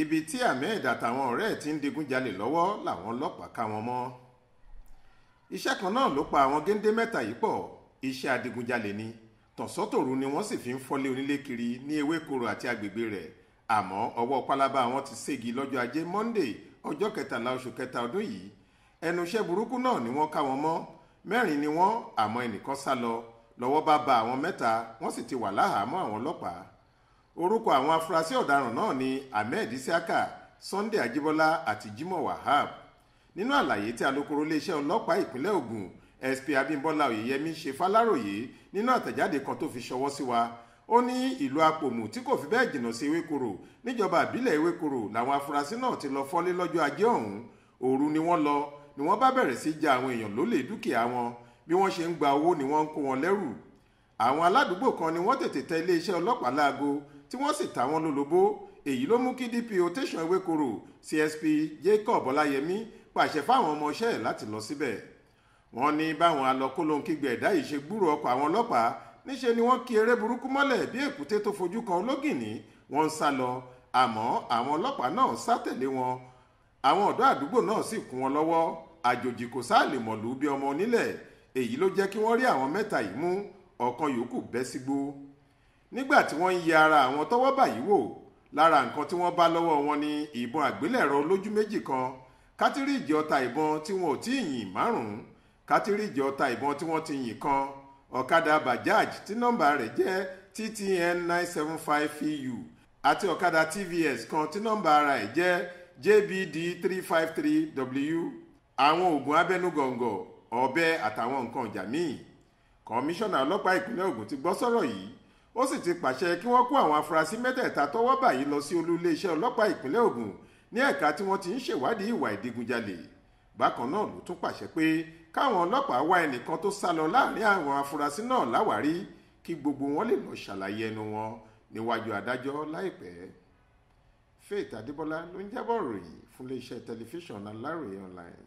ibi tí ahmed àtàwọn ọ̀rẹ́ ẹ̀ ti ń digunjalè lọ́wọ́ làwọn ọlọ́pàá ká wọn mọ́ iṣẹ́ kan náà ló pa àwọn géńdé mẹ́ta yìí pọ̀ iṣẹ́ adigunjalè ni tọ̀sọ́tòru ni wọ́n sì fi ń fọ́lé onílé kiri ní ewékoro àti agbègbè rẹ̀ àmọ́ ọwọ́ pálábá wọn ti ségi lọ́jọ́ ajé monday ọjọ́ kẹtàlá oṣù kẹta ọdún yìí ẹnu iṣẹ́ burúkú náà ni wọ́n ká wọn mọ́ mẹ́rin ni wọ́n àmọ́ ẹnìkan sá lọ lọ́wọ́ bá ba àwọn mẹ́ta wọ́n sì ti wà láhàámọ́ àwọn ọlọ́pàá orúkọ àwọn afurasí ọ̀daràn náà ni ahmed isiaka sunday ajibola àti jimoh wahab nínú àlàyé tí alukoro iléeṣẹ́ ọlọ́pàá ìpínlẹ̀ Ògùn SP abimbola Oyèyẹmí ṣe fàlàròyé nínú àtẹ̀jáde kan tó fi ṣọwọ́ sí wa ó ní ìlú Apòmù tí kò fi bẹ́ẹ̀ jìnnà sí Ewékorò níjọba àbílẹ̀ Ewékorò làwọn afurasí náà ti lọ fọ́lé lọ́jọ́ ajé ọ̀hún òru ni wọ́n lọ ni wọ́n bá bẹ̀rẹ̀ sí ja àwọn èèyàn lólè dúkìá wọn bí wọ́n ṣe ń gba owó ni wọ́n ń kó wọn lẹ́rù àwọn aládùúgbò kan ni wọ́n tètè tẹ iléeṣẹ́ ọlọ́pàá láago tí wọ́n sì ta wọ́n lólobó èyí ló mú kí DPO tẹ̀sán ewékorò CSP Jacob ọláyẹmí pàṣẹ fáwọn ọmọọṣẹ́ ẹ̀ láti lọ síbẹ̀ wọ́n ní báwọn alọ́kólóńkígbẹ̀ ẹ̀dá yìí ṣe gbúrò ọkọ̀ àwọn ọlọ́pàá níṣe ni wọ́n kì eré burúkú mọ́lẹ̀ bí èkúté tó fojú kan ológìnní wọ́n ń sá lọ àmọ́ àwọn ọlọ́pàá náà sá tẹ̀lé wọn àwọn ọ̀dọ́ àdúgbò náà sì kún wọn lọ́wọ́ àjòjì kò sáà lè mọ̀lú bí ọmọ onílẹ̀ èyí ló jẹ́ kí wọ́n rí àwọn mẹ́ta yìí mú ọ̀kan yòókù bẹ́ sígbó nígbà tí wọ́n ń yẹ ara àwọn tọ́wọ́ báyìí wò lára nǹkan tí wọ́n bá lọ́wọ́ wọn ni ìbọn àgbélẹ̀rọ olójú méjì kan kátìrìjì ọta ìbọn tí wọn ò tí ì yìn márùn-ún kátìrìjì ọta ìbọn tí wọ́n ti yìn kan ọ̀kadà bajaj tí nọ́mbà rẹ̀ jẹ́ ttn nine seven five fu àti ọ̀kadà tvs kan tí nọ́mbà ara ẹ̀ jẹ́ jbd three five three w àwọn oògùn abẹnugọ̀ngọ̀ ọ̀bẹ àtàwọn nǹkan ìjà míì kọmíṣánná ọlọ́pàá ìpínlẹ̀ Ògùn ti gbọ́ sọ̀rọ̀ yìí ó sì ti pàṣẹ kí wọ́n kó àwọn afurasí mẹ́tẹ̀ẹ̀ta tọ́wọ́ bà yìí lọ sí olú iléeṣẹ́ ọlọ́pàá ìpínlẹ̀ Ògùn ní ẹ̀ka tí wọ́n ti ń ṣèwádìí ìwà ìdigunjalè bákan náà ló tún pàṣẹ pé káwọn ọlọ́pàá wá ẹnìkan tó sá lọ láàrin àwọn afurasí náà láwárí kí gbogbo wọn lè lọ ṣàlàyé ẹnu wọn níwájú adájọ́ láìpẹ́ Faith Adébọlá ló ń jábọ̀ ròyìn fún iléeṣẹ́ tẹlifíṣàn Aláròye online.